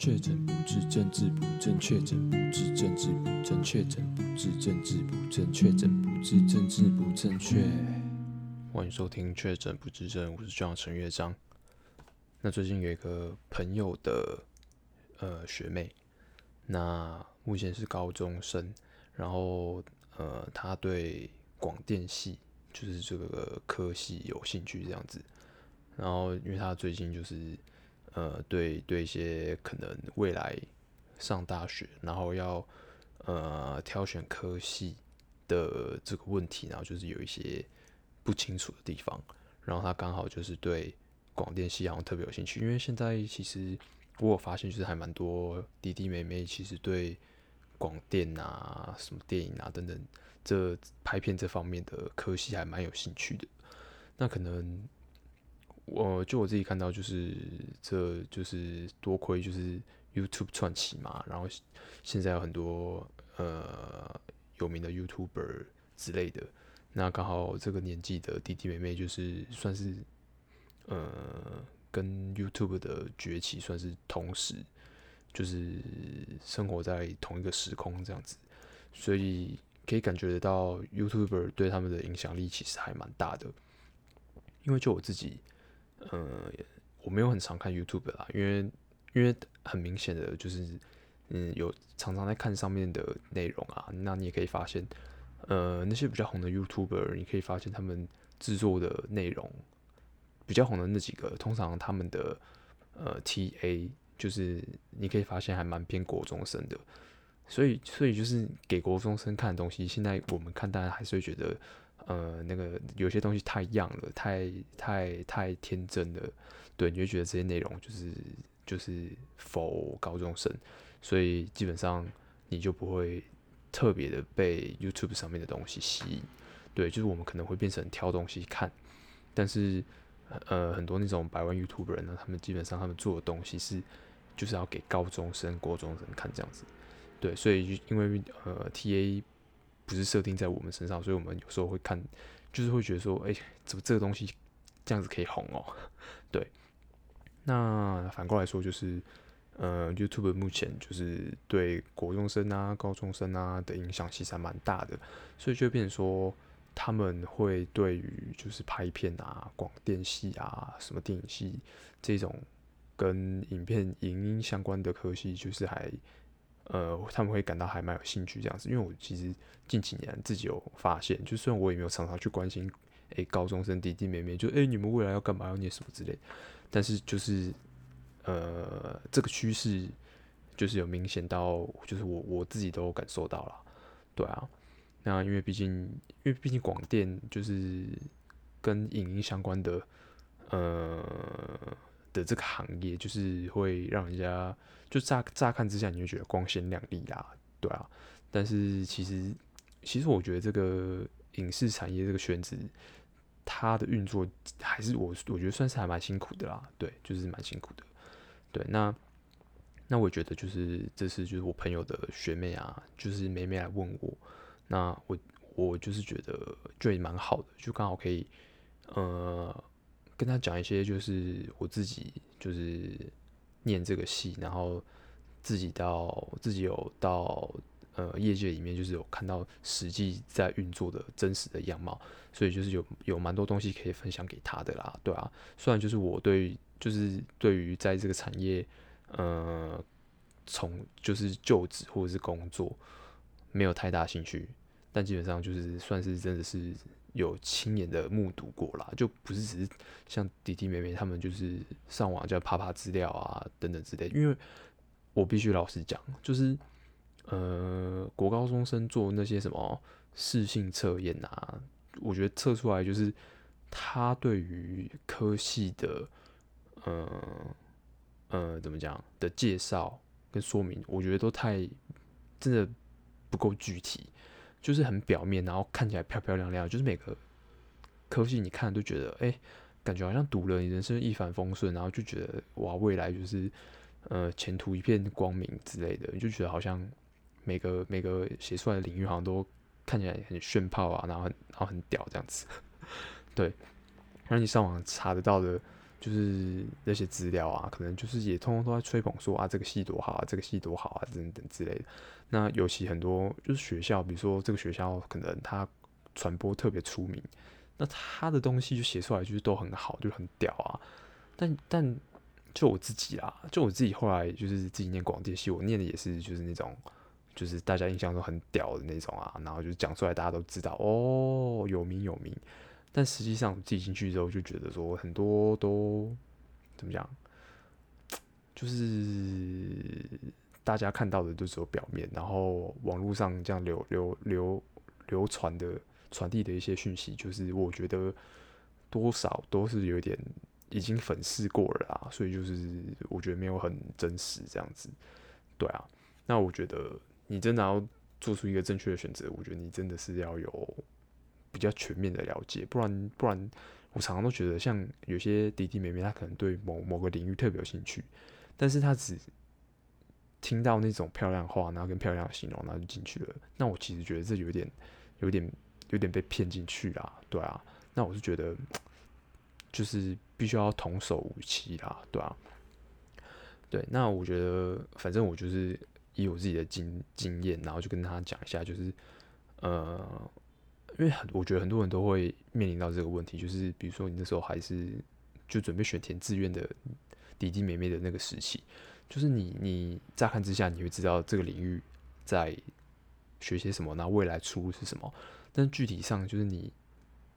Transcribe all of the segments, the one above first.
確診不治，政治不正確；確診不治，政治不正確；確診不治，政治不正確；確診不治，政治不正確。歡迎收聽《確診不治症》，我是站長陳樂章。那最近有一個朋友的呃學妹，那目前是高中生，然後呃，他對廣電系就是這個科系有興趣這樣子。然後，因為他最近就是。呃，對對，一些可能未來上大學，然後要呃挑選科系的這個問題，然後就是有一些不清楚的地方。然後他剛好就是對廣電系好像特別有興趣，因為現在其實我有發現就是還蠻多弟弟妹妹其實對廣電啊、什麼電影啊等等這拍片這方面的科系還蠻有興趣的。那可能。我、呃、就我自己看到，就是這就是多虧就是 YouTube 竄起嘛，然後現在有很多呃有名的 YouTuber 之類的，那剛好這個年紀的弟弟妹妹就是算是呃跟 YouTube 的崛起算是同時，就是生活在同一個時空這樣子，所以可以感覺得到 YouTuber 對他們的影響力其實還蠻大的，因為就我自己。呃，我沒有很常看 YouTube 啦，因為因為很明顯的就是，嗯，有常常在看上面的內容啊，那你也可以發現，呃，那些比較紅的 YouTuber，你可以發現他們製作的內容比較紅的那幾個，通常他們的呃 TA 就是你可以發現還蠻偏國中生的，所以所以就是給國中生看的東西，現在我們看大家還是會覺得。呃，那個有些東西太樣了，太太太天真了，對，你就會覺得這些內容就是就是 for 高中生，所以基本上你就不會特別的被 YouTube 上面的東西吸引，對，就是我們可能會變成挑東西看，但是呃很多那種百萬 YouTuber 呢，他們基本上他們做的東西是就是要給高中生、國中生看這樣子，對，所以因為呃 TA，不是設定在我們身上，所以我們有時候會看，就是會覺得說，哎、欸，怎麼這個東西這樣子可以紅哦？對，那反過來說，就是嗯、呃、YouTube 目前就是對國中生啊、高中生啊的影響其實還蠻大的，所以就變成說他們會對於就是拍片啊、廣電系啊、什麼電影系這種跟影片影音相關的科系，就是還。呃，他們會感到還蠻有興趣這樣子，因為我其實近幾年自己有發現，就雖然我也沒有常常去關心，欸、高中生弟弟妹妹，就誒、欸，你們未來要幹嘛，要念什麼之類，但是就是，呃，這個趨勢就是有明顯到，就是我我自己都感受到了，對啊，那因為畢竟，因為畢竟廣電就是跟影音相關的，呃。的這個行業就是會讓人家就乍乍看之下，你就覺得光鮮亮麗啦、啊，對啊。但是其實，其實我覺得這個影視產業這個圈子，它的運作還是我我覺得算是還蠻辛苦的啦，對，就是蠻辛苦的。對，那那我覺得就是這次就是我朋友的學妹啊，就是妹妹來問我，那我我就是覺得就也蠻好的，就剛好可以，呃。跟他講一些，就是我自己就是念這個系，然後自己到自己有到呃業界裡面，就是有看到實際在運作的真實的樣貌，所以就是有有蠻多東西可以分享給他的啦，對啊。雖然就是我對就是對於在這個產業，嗯、呃，從就是就職或者是工作沒有太大興趣，但基本上就是算是真的是。有親眼的目睹過啦，就不是只是像弟弟妹妹他們，就是上網叫爬爬資料啊等等之類。因為，我必須老實講，就是呃，國高中生做那些什麼適性測驗啊，我覺得測出來就是他對於科系的，呃呃，怎麼講的介紹跟說明，我覺得都太真的不夠具體。就是很表面，然後看起來漂漂亮亮，就是每個科系你看都覺得，哎、欸，感覺好像讀了你人生一帆風順，然後就覺得哇，未來就是呃前途一片光明之類的，你就覺得好像每個每個寫出來的領域好像都看起來很炫炮啊，然後很然後很屌這樣子，對，然後你上網查得到的。就是那些資料啊，可能就是也通通都在吹捧說啊，這個系多好啊，這個系多好啊，等等之類的。那尤其很多就是學校，比如說這個學校可能他傳播特別出名，那他的東西就寫出來就是都很好，就很屌啊。但但就我自己啦，就我自己後來就是自己念廣電系，我念的也是就是那種就是大家印象都很屌的那種啊，然後就講出來大家都知道哦，有名有名。但實際上，我自己進去之後就覺得說，很多都怎麼講，就是大家看到的就只有表面，然後網絡上這樣流流流流傳的傳遞的一些訊息，就是我覺得多少都是有點已經粉飾過了啊，所以就是我覺得沒有很真實這樣子，對啊。那我覺得你真的要做出一個正確的選擇，我覺得你真的是要有。比較全面的了解，不然不然，我常常都覺得像有些弟弟妹妹，他可能對某某個領域特別有興趣，但是他只聽到那種漂亮話，然後跟漂亮的形容，然後就進去了。那我其實覺得這有點有點有點被騙進去啦，對啊。那我是覺得就是必須要童叟無欺啦，對啊，對，那我覺得反正我就是以我自己的經經驗，然後就跟他講一下，就是呃。因為很，我覺得很多人都會面臨到這個問題，就是比如說你那時候還是就準備選填志願的弟弟妹妹的那個時期，就是你你乍看之下你會知道這個領域在學些什麼，那未來出路是什麼，但具體上就是你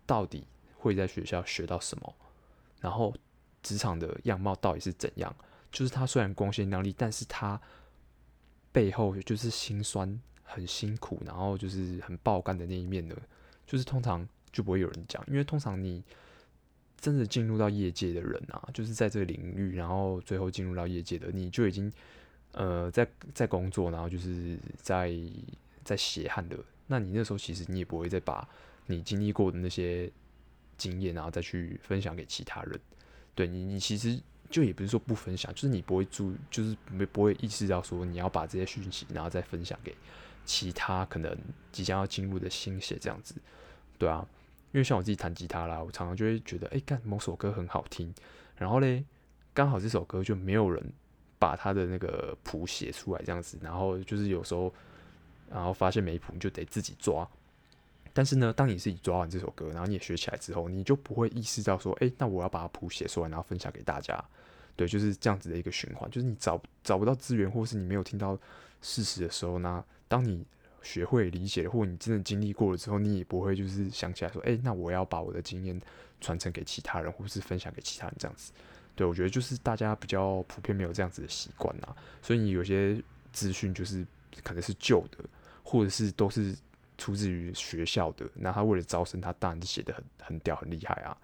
到底會在學校學到什麼，然後職場的樣貌到底是怎樣？就是它雖然光鮮亮麗，但是它背後就是辛酸、很辛苦，然後就是很爆肝的那一面呢。就是通常就不會有人講，因為通常你真的進入到業界的人啊，就是在這個領域，然後最後進入到業界的，你就已經呃在在工作，然後就是在在血汗的。那你那時候其實你也不會再把你經歷過的那些經驗，然後再去分享給其他人。對，你，你其實就也不是說不分享，就是你不會注，就是沒不會意識到說你要把這些訊息，然後再分享給。其他可能即將要進入的新寫，這樣子，對啊，因為像我自己彈吉他啦，我常常就會覺得，哎、欸，幹某首歌很好聽，然後嘞，剛好這首歌就沒有人把他的那個譜寫出來這樣子，然後就是有時候，然後發現沒譜你就得自己抓，但是呢，當你自己抓完這首歌，然後你也學起來之後，你就不會意識到說，哎、欸，那我要把譜寫出來，然後分享給大家，對，就是這樣子的一個循環，就是你找找不到資源，或是你沒有聽到事實的時候呢。當你學會理解了，或者你真的經歷過了之後，你也不會就是想起來說，哎、欸，那我要把我的經驗傳承給其他人，或是分享給其他人這樣子。對，我覺得就是大家比較普遍沒有這樣子的習慣啦。所以你有些資訊就是可能是舊的，或者是都是出自於學校的。那他為了招生，他當然是寫得很很屌，很厲害啊，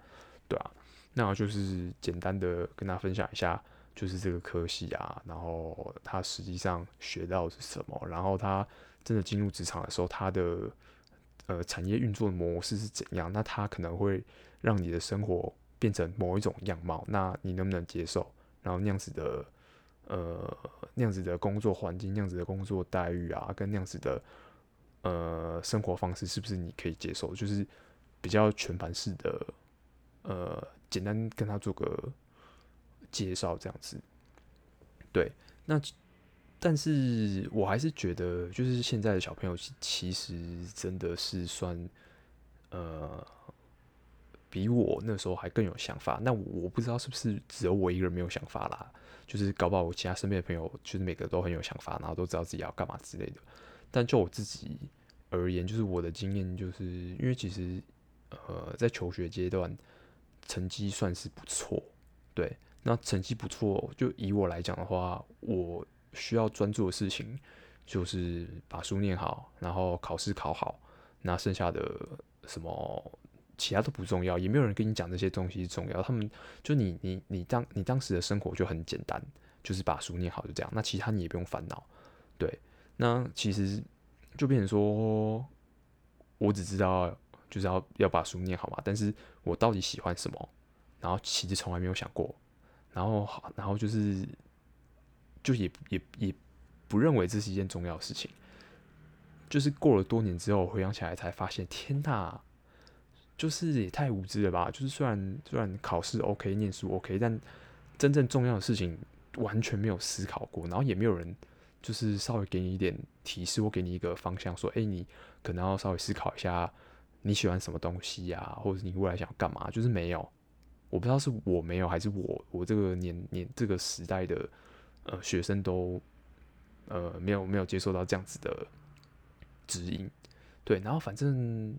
對啊。那我就是簡單的跟大家分享一下。就是這個科系啊，然後他實際上學到的是什麼，然後他真的進入職場的時候，他的呃產業運作模式是怎樣？那他可能會讓你的生活變成某一種樣貌，那你能不能接受？然後那樣子的呃那樣子的工作環境、那樣子的工作待遇啊，跟那樣子的呃生活方式，是不是你可以接受？就是比較全盤式的呃，簡單跟他做個。介紹這樣子，對，那但是我還是覺得，就是現在的小朋友其實真的是算，呃，比我那時候還更有想法。那我不知道是不是只有我一個人沒有想法啦，就是搞不好我其他身邊的朋友，就是每個都很有想法，然後都知道自己要幹嘛之類的。但就我自己而言，就是我的經驗，就是因為其實，呃，在求學階段，成績算是不錯，對。那成績不錯哦，就以我來講的話，我需要專注的事情就是把書念好，然後考試考好，那剩下的什麼其他都不重要，也沒有人跟你講這些東西重要。他們就你你你當你當時的生活就很簡單，就是把書念好就這樣。那其他你也不用煩惱，對。那其實就變成說我只知道就是要要把書念好嘛，但是我到底喜歡什麼，然後其實從來沒有想過。然後，然後就是，就也也也不認為這是一件重要的事情。就是過了多年之後回想起來才發現，天哪，就是也太無知了吧！就是雖然雖然考試 OK，念書 OK，但真正重要的事情完全沒有思考過。然後也沒有人就是稍微給你一點提示，或給你一個方向，說：“哎，你可能要稍微思考一下你喜歡什麼東西呀、啊，或者你未來想幹嘛？”就是沒有。我不知道是我沒有，還是我我這個年年這個時代的呃學生都呃沒有沒有接受到這樣子的指引。對，然後反正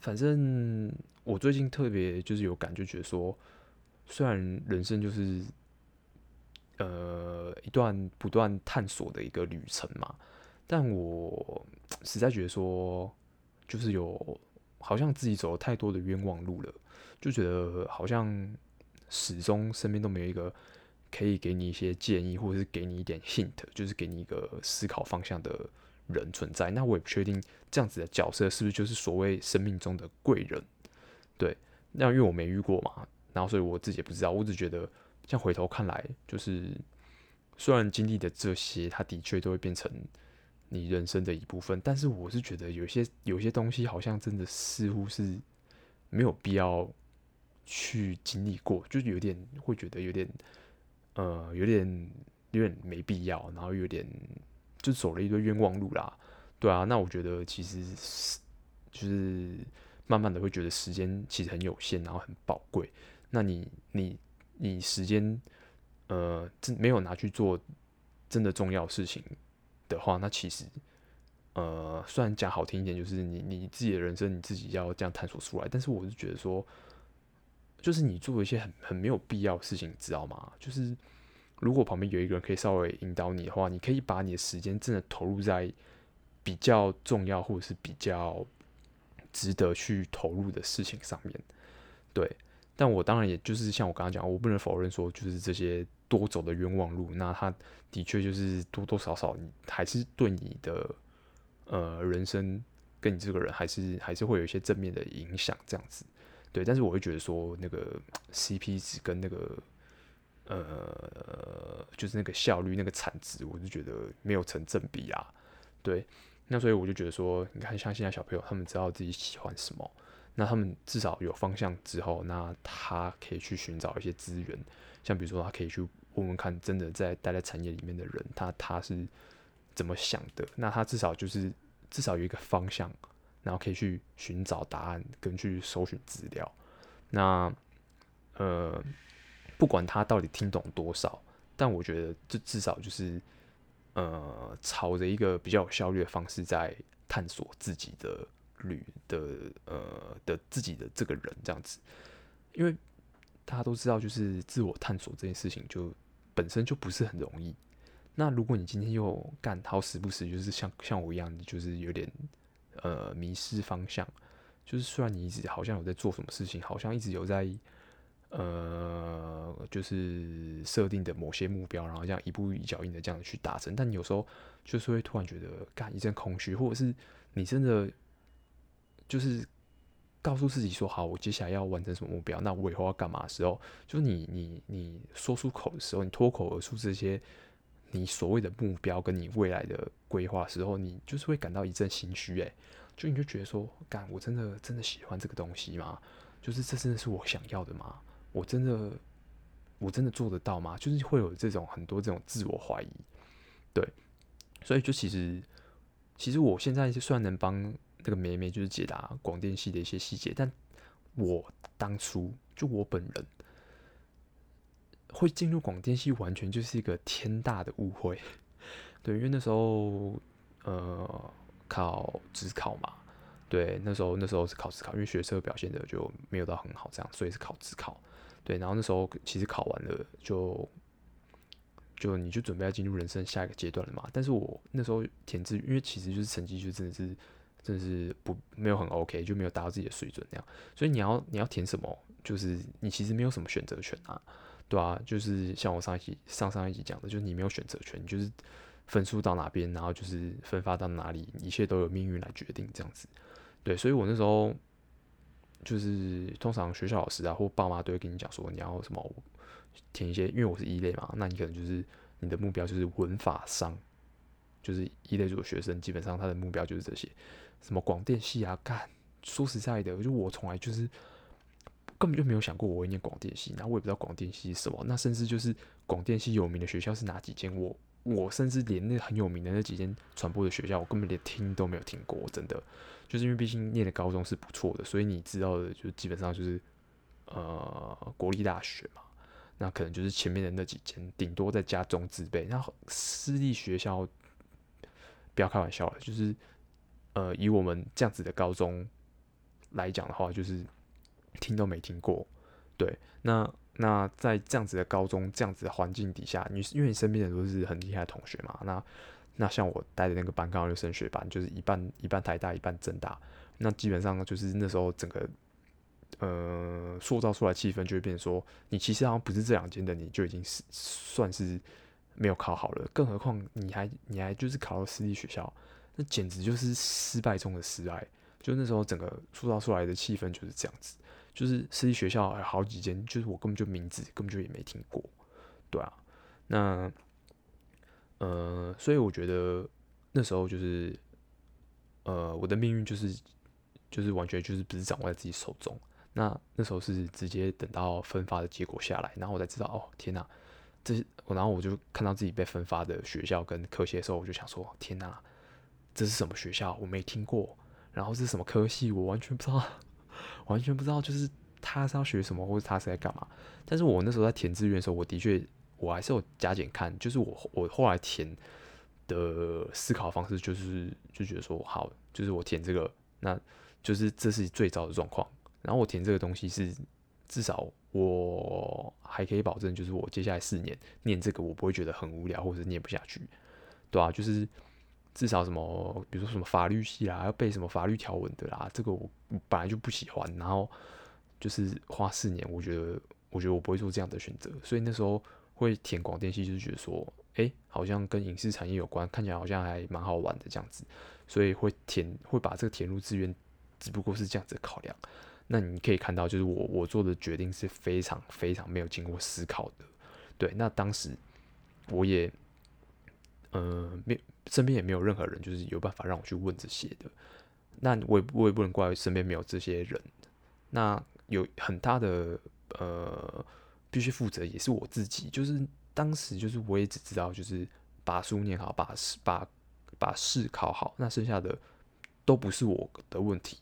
反正我最近特別就是有感覺，覺得說雖然人生就是呃一段不斷探索的一個旅程嘛，但我實在覺得說就是有好像自己走了太多的冤枉路了。就覺得好像始終身邊都沒有一個可以給你一些建議，或者是給你一點 hint，就是給你一個思考方向的人存在。那我也不確定這樣子的角色是不是就是所謂生命中的貴人。對，那因為我沒遇過嘛，然後所以我自己也不知道。我只覺得像回頭看來，就是雖然經歷的這些，他的確都會變成你人生的一部分，但是我是覺得有些有些東西，好像真的似乎是沒有必要。去經歷過，就是有點會覺得有點，呃，有點有點沒必要，然後有點就走了一堆冤枉路啦。對啊，那我覺得其實是就是慢慢的會覺得時間其實很有限，然後很寶貴。那你你你時間，呃，真沒有拿去做真的重要的事情的話，那其實，呃，雖然講好聽一點，就是你你自己的人生你自己要這樣探索出來，但是我是覺得說，就是你做一些很很沒有必要的事情，你知道嗎？就是如果旁邊有一個人可以稍微引導你的話，你可以把你的時間真的投入在比較重要或者是比較值得去投入的事情上面。對，但我當然也就是像我剛剛講，我不能否認說，就是這些多走的冤枉路，那他的確就是多多少少你還是對你的呃人生跟你這個人還是還是會有一些正面的影響，這樣子。對，但是我會覺得說，那個 CP 值跟那個呃，就是那個效率、那個產值，我就覺得沒有成正比啊。對，那所以我就覺得說，你看，像現在小朋友，他們知道自己喜歡什麼，那他們至少有方向之後，那他可以去尋找一些資源，像比如說，他可以去問問看，真的在待在產業裡面的人，他他是怎麼想的？那他至少就是至少有一個方向。然後可以去尋找答案，跟去搜尋資料。那呃，不管他到底聽懂多少，但我覺得這至少就是呃，朝着一個比較有效率的方式在探索自己的旅的呃的自己的這個人這樣子。因為大家都知道，就是自我探索這件事情，就本身就不是很容易。那如果你今天又干好，時不時就是像像我一樣，就是有點。呃，迷失方向，就是雖然你一直好像有在做什麼事情，好像一直有在呃，就是設定的某些目標，然後這樣一步一腳印的這樣去達成，但你有時候就是會突然覺得，幹一陣空虛，或者是你真的就是告訴自己說，好，我接下來要完成什麼目標，那我以後要幹嘛的時候，就是你你你說出口的時候，你脫口而出這些。你所謂的目標跟你未來的規劃時候，你就是會感到一陣心虛哎，就你就覺得說，幹我真的真的喜歡這個東西嗎？就是這真的是我想要的嗎？我真的我真的做得到嗎？就是會有這種很多這種自我懷疑，對，所以就其實其實我現在就算能幫那個妹妹就是解答廣電系的一些細節，但我當初就我本人。會進入廣電系，完全就是一個天大的誤會。對，因為那時候，呃，考指考嘛，對，那時候那時候是考指考，因為學測表現的就沒有到很好，這樣，所以是考指考。對，然後那時候其實考完了，就就你就準備要進入人生下一個階段了嘛。但是我那時候填志願，因為其實就是成績就真的是真的是不沒有很 OK，就沒有達到自己的水準那樣，所以你要你要填什麼，就是你其實沒有什麼選擇權啊。對啊，就是像我上一集、上上一集講的，就是你沒有選擇權，就是分數到哪邊，然後就是分發到哪裡，一切都有命運來決定這樣子。對，所以我那時候就是通常學校老師啊或爸媽都會跟你講說，你要什麼填一些，因為我是一類嘛，那你可能就是你的目標就是文法商，就是一類的學生基本上他的目標就是這些，什麼廣電系啊，乾說實在的，就我從來就是。根本就沒有想過我會念廣電系，然後我也不知道廣電系是什麼，那甚至就是廣電系有名的學校是哪幾間？我我甚至連那很有名的那幾間傳播的學校，我根本連聽都沒有聽過。真的，就是因為畢竟念的高中是不錯的，所以你知道的，就基本上就是呃國立大學嘛，那可能就是前面的那幾間，頂多再加中字輩。那私立學校，不要開玩笑了，就是呃以我們這樣子的高中來講的話，就是。聽都沒聽過，對，那那在這樣子的高中這樣子的環境底下，你因為你身邊的都是很厲害的同學嘛，那那像我帶的那個班剛好就升學班，就是一半一半台大一半政大，那基本上就是那時候整個呃塑造出來氣氛就會變成說，你其實好像不是這兩間的你就已經是算是沒有考好了，更何況你還你還就是考到私立學校，那簡直就是失敗中的失敗，就那時候整個塑造出來的氣氛就是這樣子。就是私立學校有好幾間，就是我根本就名字根本就也沒聽過，對啊，那，呃，所以我覺得那時候就是，呃，我的命運就是就是完全就是不是掌握在自己手中。那那時候是直接等到分發的結果下來，然後我才知道，哦，天哪，這是，然後我就看到自己被分發的學校跟科系的時候，我就想說，天哪，這是什麼學校？我沒聽過。然後這是什麼科系？我完全不知道。完全不知道，就是他是要學什麼，或者他是在幹嘛。但是我那時候在填志願的時候，我的確，我還是有加減看。就是我我後來填的思考方式，就是就覺得說，好，就是我填這個，那就是這是最糟的狀況。然後我填這個東西是，至少我還可以保證，就是我接下來四年念這個，我不會覺得很無聊，或者是念不下去，對吧、啊？就是。至少什麼，比如說什麼法律系啦，要背什麼法律條文的啦，這個我本來就不喜歡。然後就是花四年，我覺得，我覺得我不會做這樣的選擇。所以那時候會填廣電系，就是覺得說，誒、欸，好像跟影視產業有關，看起來好像還蠻好玩的這樣子。所以會填，會把這個填入志願，只不過是這樣子考量。那你可以看到，就是我我做的決定是非常非常沒有經過思考的。對，那當時我也。呃，沒身邊也沒有任何人，就是有辦法讓我去問這些的。那我也我也不能怪身邊沒有這些人。那有很大的呃，必須負責也是我自己。就是當時就是我也只知道，就是把書念好，把把把試考好。那剩下的都不是我的問題，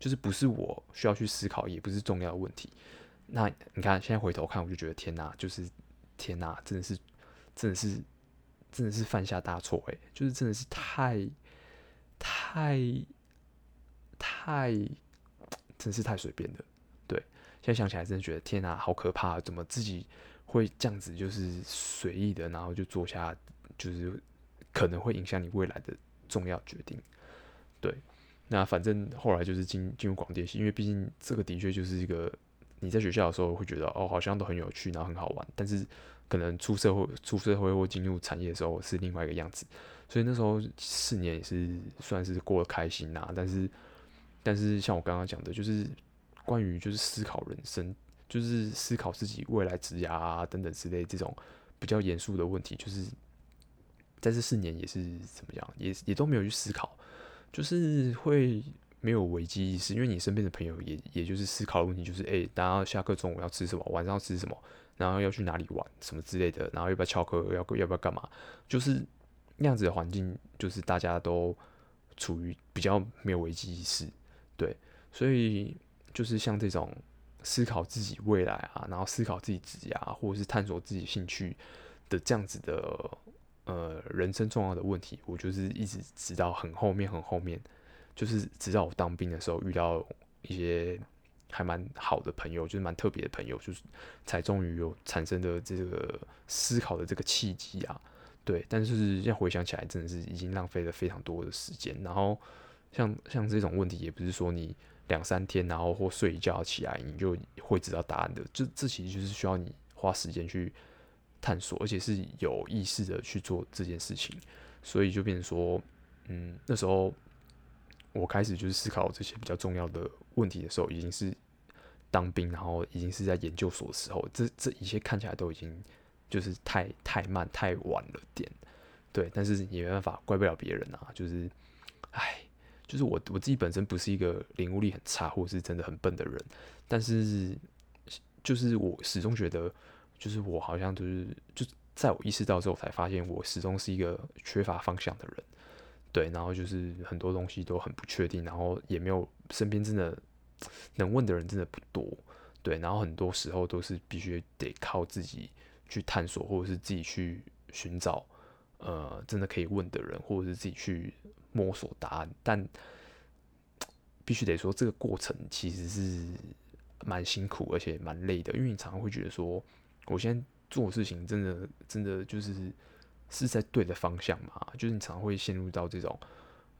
就是不是我需要去思考，也不是重要的問題。那你看現在回頭看，我就覺得天哪，就是天哪，真的是真的是。真的是犯下大錯誒，就是真的是太太太，真是太隨便了。對，現在想起來真的覺得天吶，好可怕！怎麼自己會這樣子，就是隨意的，然後就做下就是可能會影響你未來的重要決定。對，那反正後來就是進進入廣電系，因為畢竟這個的確就是一個。你在學校的時候會覺得哦，好像都很有趣，然後很好玩。但是可能出社會，出社會或進入產業的時候是另外一個樣子。所以那時候四年也是算是過得開心吶，啊。但是，但是像我剛剛講的，就是關於就是思考人生，就是思考自己未來職業，啊、等等之類這種比較嚴肅的問題，就是在這四年也是怎麼樣，也也都沒有去思考，就是會。沒有危機意識，因為你身邊的朋友也也就是思考的問題，就是誒，大家下課中午要吃什麼，晚上要吃什麼，然後要去哪裡玩什麼之類的，然後要不要翹課，要要不要幹嘛，就是那樣子的環境，就是大家都處於比較沒有危機意識，對，所以就是像這種思考自己未來啊，然後思考自己自己啊，或者是探索自己興趣的這樣子的呃，人生重要的問題，我就是一直直到很後面很後面。就是直到我當兵的時候，遇到一些還蠻好的朋友，就是蠻特別的朋友，就是才終於有產生的這個思考的這個契機啊。對，但是現在回想起來，真的是已經浪費了非常多的時間。然後像像這種問題，也不是說你兩三天，然後或睡一覺起來，你就會知道答案的。這這其實就是需要你花時間去探索，而且是有意識的去做這件事情。所以就變成說，嗯，那時候。我開始就是思考這些比較重要的問題的時候，已經是當兵，然後已經是在研究所的時候，這這一切看起來都已經就是太太慢太晚了點，對，但是也沒辦法，怪不了別人啊，就是，哎，就是我我自己本身不是一個領悟力很差，或者是真的很笨的人，但是就是我始終覺得，就是我好像就是就在我意識到之後，才發現我始終是一個缺乏方向的人。對，然後就是很多東西都很不確定，然後也沒有身邊真的能問的人真的不多。對，然後很多時候都是必須得靠自己去探索，或者是自己去尋找，呃，真的可以問的人，或者是自己去摸索答案。但必須得說，這個過程其實是蠻辛苦，而且蠻累的，因為你常常會覺得說，我現在做事情真的真的就是。是在對的方向嘛？就是你常常會陷入到這種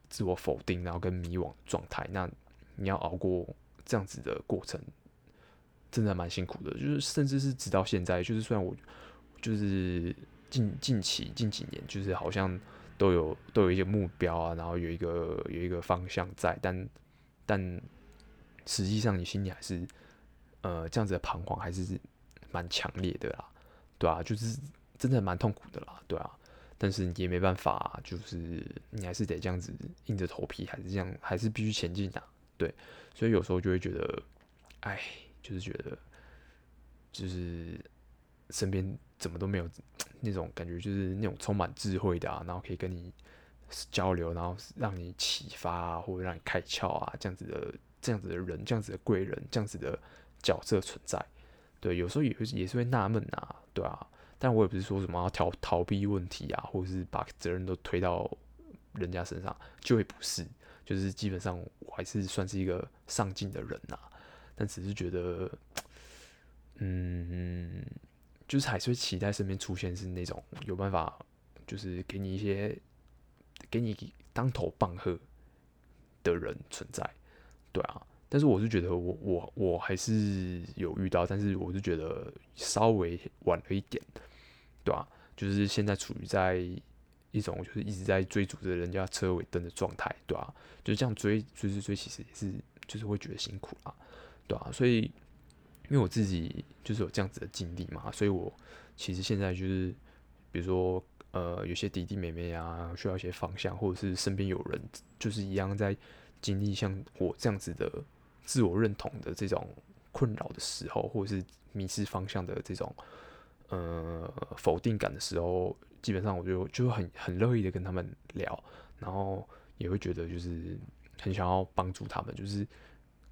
自我否定，然後跟迷惘的狀態。那你要熬過這樣子的過程，真的蠻辛苦的。就是甚至是直到現在，就是雖然我就是近近期近幾年，就是好像都有都有一個目標啊，然後有一個有一個方向在，但但實際上你心裡還是呃這樣子的彷徨，還是蠻強烈的啦，對啊，就是。真的蠻痛苦的啦，對啊，但是你也沒辦法啊，就是你還是得這樣子硬着頭皮，還是這樣，還是必須前進的啊，對。所以有時候就會覺得，哎，就是覺得，就是身邊怎麼都沒有那種感覺，就是那種充滿智慧的啊，然後可以跟你交流，然後讓你啟發啊，或者讓你開竅啊，這樣子的，這樣子的人，這樣子的貴人，這樣子的角色存在，對，有時候也會也是會納悶啊，對啊。但我也不是說什麼要、啊、逃逃避問題啊，或者是把責任都推到人家身上，就會不是。就是基本上我還是算是一個上進的人吶、啊，但只是覺得，嗯，就是還是會期待身邊出現是那種有辦法，就是給你一些給你當頭棒喝的人存在。對啊，但是我是覺得我，我我我還是有遇到，但是我是覺得稍微晚了一點。對啊，就是現在處於在一種就是一直在追逐着人家車尾燈的狀態，對啊，就是這樣追追追追，其實也是就是會覺得辛苦啊，對啊，所以因為我自己就是有這樣子的經歷嘛，所以我其實現在就是比如說呃，有些弟弟妹妹呀，需要一些方向，或者是身邊有人就是一樣在經歷像我這樣子的自我認同的這種困擾的時候，或者是迷失方向的這種。呃，否定感的時候，基本上我就就很很樂意的跟他們聊，然後也會覺得就是很想要幫助他們，就是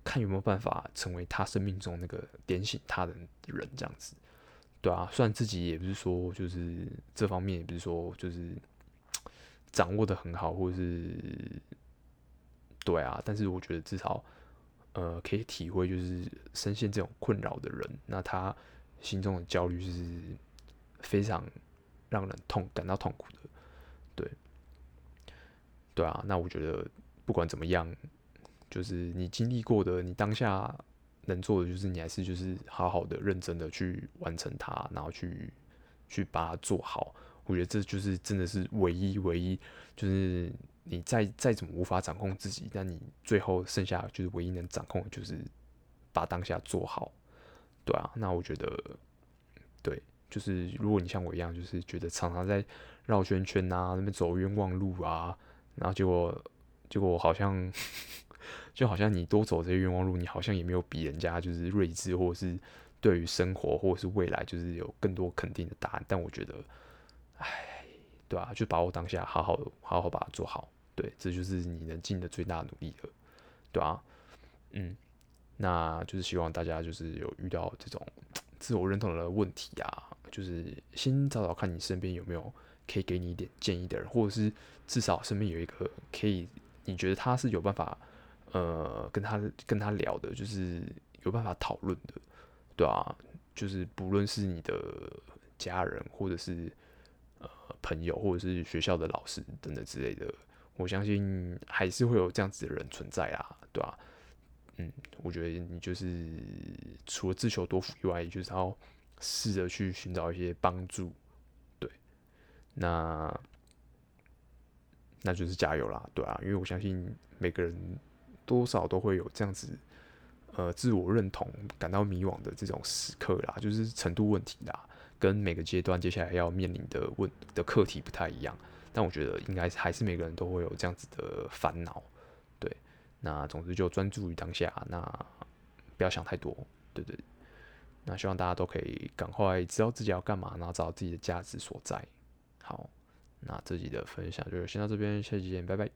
看有沒有辦法成為他生命中那個點醒他的人這樣子，對啊，雖然自己也不是說就是這方面也不是說就是掌握的很好，或者是對啊，但是我覺得至少呃可以體會就是深陷這種困擾的人，那他。心中的焦慮是，非常讓人痛、感到痛苦的。對，對啊。那我覺得不管怎麼樣，就是你經歷過的，你當下能做的，就是你還是就是好好的、認真的去完成它，然後去去把它做好。我覺得這就是真的是唯一、唯一，就是你再再怎麼無法掌控自己，但你最後剩下就是唯一能掌控，就是把當下做好。對啊，那我覺得，對，就是如果你像我一樣，就是覺得常常在繞圈圈啊，那邊走冤枉路啊，然後結果結果好像 就好像你多走這些冤枉路，你好像也沒有比人家就是睿智，或者是對於生活或者是未來，就是有更多肯定的答案。但我覺得，唉，對啊，就把握當下好好好好把它做好。對，這就是你能盡的最大的努力了，對啊。嗯。那就是希望大家就是有遇到這種自我認同的問題啊，就是先找找看你身邊有沒有可以給你一點建議的人，或者是至少身邊有一個可以你覺得他是有辦法，呃，跟他跟他聊的，就是有辦法討論的，對啊，就是不論是你的家人，或者是呃朋友，或者是學校的老師等等之類的，我相信還是會有這樣子的人存在啊，對吧？嗯，我覺得你就是除了自求多福以外，也就是要試着去尋找一些幫助。對，那那就是加油啦，對啊，因為我相信每個人多少都會有這樣子，呃，自我認同感到迷惘的這種時刻啦，就是程度問題啦，跟每個階段接下來要面臨的問的課題不太一樣，但我覺得應該還是每個人都會有這樣子的煩惱。那總之就專注於當下，那不要想太多，對對對。那希望大家都可以趕快知道自己要幹嘛，然後找到自己的價值所在。好，那這集的分享就先到這邊，下期見，拜拜。